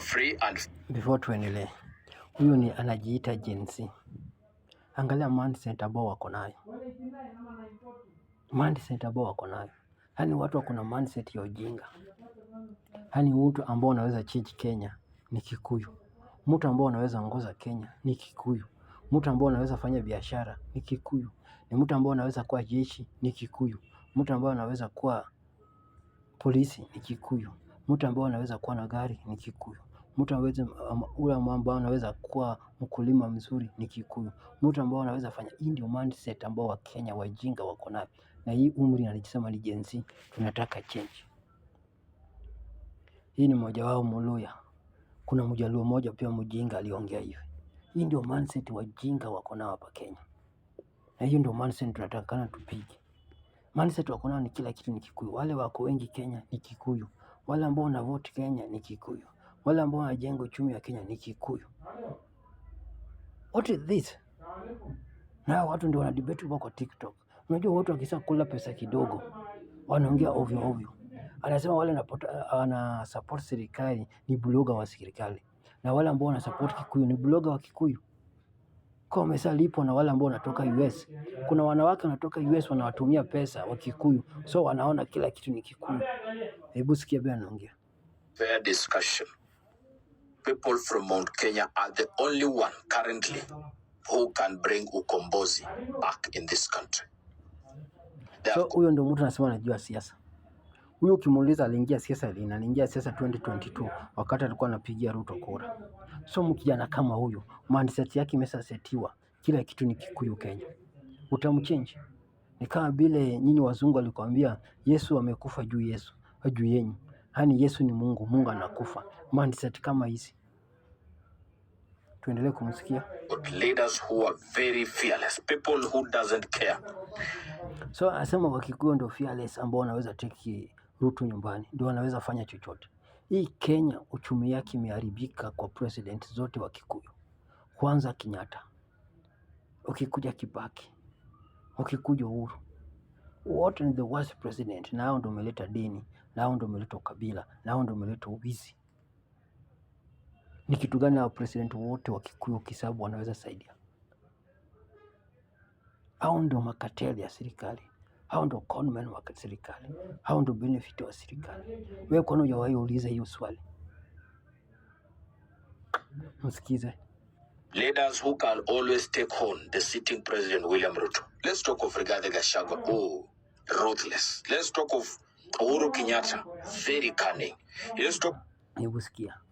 free and... Before tuendelee, huyu ni anajiita jinsi. Angalia mindset ambao wako nayo, mindset ambao wako nayo, yaani watu wako na mindset ya ujinga. Yaani mtu ambao anaweza change Kenya ni Kikuyu, mtu ambao anaweza ongoza Kenya ni Kikuyu, mtu ambao anaweza fanya biashara ni Kikuyu, ni mtu ambao anaweza kuwa jeshi ni Kikuyu, mtu ambao anaweza kuwa polisi ni Kikuyu, mtu ambao anaweza kuwa na gari ni Kikuyu mtu aweze ule ambao anaweza kuwa mkulima mzuri ni Kikuyu, mtu ambao anaweza fanya. Hii ndio mindset ambao Wakenya wajinga wako nayo, na hii umri anajisema ni Gen Z, tunataka change. Hii ni mmoja wao Muluya. Kuna mjaluo mmoja pia mjinga aliongea hivi. Hii ndio mindset wajinga wako nao hapa Kenya, na hiyo ndio mindset tunatakana tupige. Mindset wako nao ni kila kitu ni Kikuyu. Wale wako wengi Kenya ni Kikuyu, wale ambao na vote Kenya ni Kikuyu wale ambao wanajenga uchumi wa Kenya ni Kikuyu. What is this? Na watu ndio wana wanadebate kwa TikTok. Unajua watu wakisema kula pesa kidogo wanaongea ovyo ovyo. Anasema wale wana support serikali ni bloga wa serikali na wale ambao wana support Kikuyu ni bloga wa Kikuyu. Kwa mesa lipo na wale ambao wanatoka US. Kuna wanawake wanatoka US wanawatumia pesa wa Kikuyu, so wanaona kila kitu ni Kikuyu. Hebu sikia bwana anaongea. Fair discussion people from Mount Kenya are the only one currently who can bring ukombozi back in this country. They So huyo ndio mtu anasema anajua siasa. Huyo ukimuuliza aliingia siasa lini? Aliingia siasa 2022 wakati alikuwa anapigia Ruto kura. So mkijana kama huyo, mindset yake imesasetiwa, kila kitu ni Kikuyu Kenya. Utamchange. Ni kama vile nyinyi wazungu walikwambia Yesu amekufa juu Yesu, juu yenyu. Yaani Yesu ni Mungu, Mungu anakufa. Mindset kama hizi tuendelee kumsikia. leaders who are very fearless, people who doesn't care. So anasema wakikuwa ndio fearless ambao wanaweza teki Ruto nyumbani, ndio wanaweza fanya chochote. Hii Kenya uchumi yake imeharibika kwa president zote wa Kikuyu, kwanza Kenyatta, ukikuja Kibaki, ukikuja Uhuru, wote ni the worst president, nao ndio umeleta dini, nao ndio umeleta ukabila, nao ndio umeleta uwizi. Ni kitu gani wa president wote wa Kikuyu Kisabu wanaweza saidia? Hao ndio makateli ya serikali, hao ndio conmen wa serikali, hao ndio benefit wa serikali. Wewe kwani hujawahi uliza hiyo swali? Msikize. Leaders who can always take on the sitting president William Ruto. Let's talk of Rigathi Gachagua. Oh, ruthless. Let's talk of Uhuru Kenyatta. Very cunning. Let's talk... Hebu sikia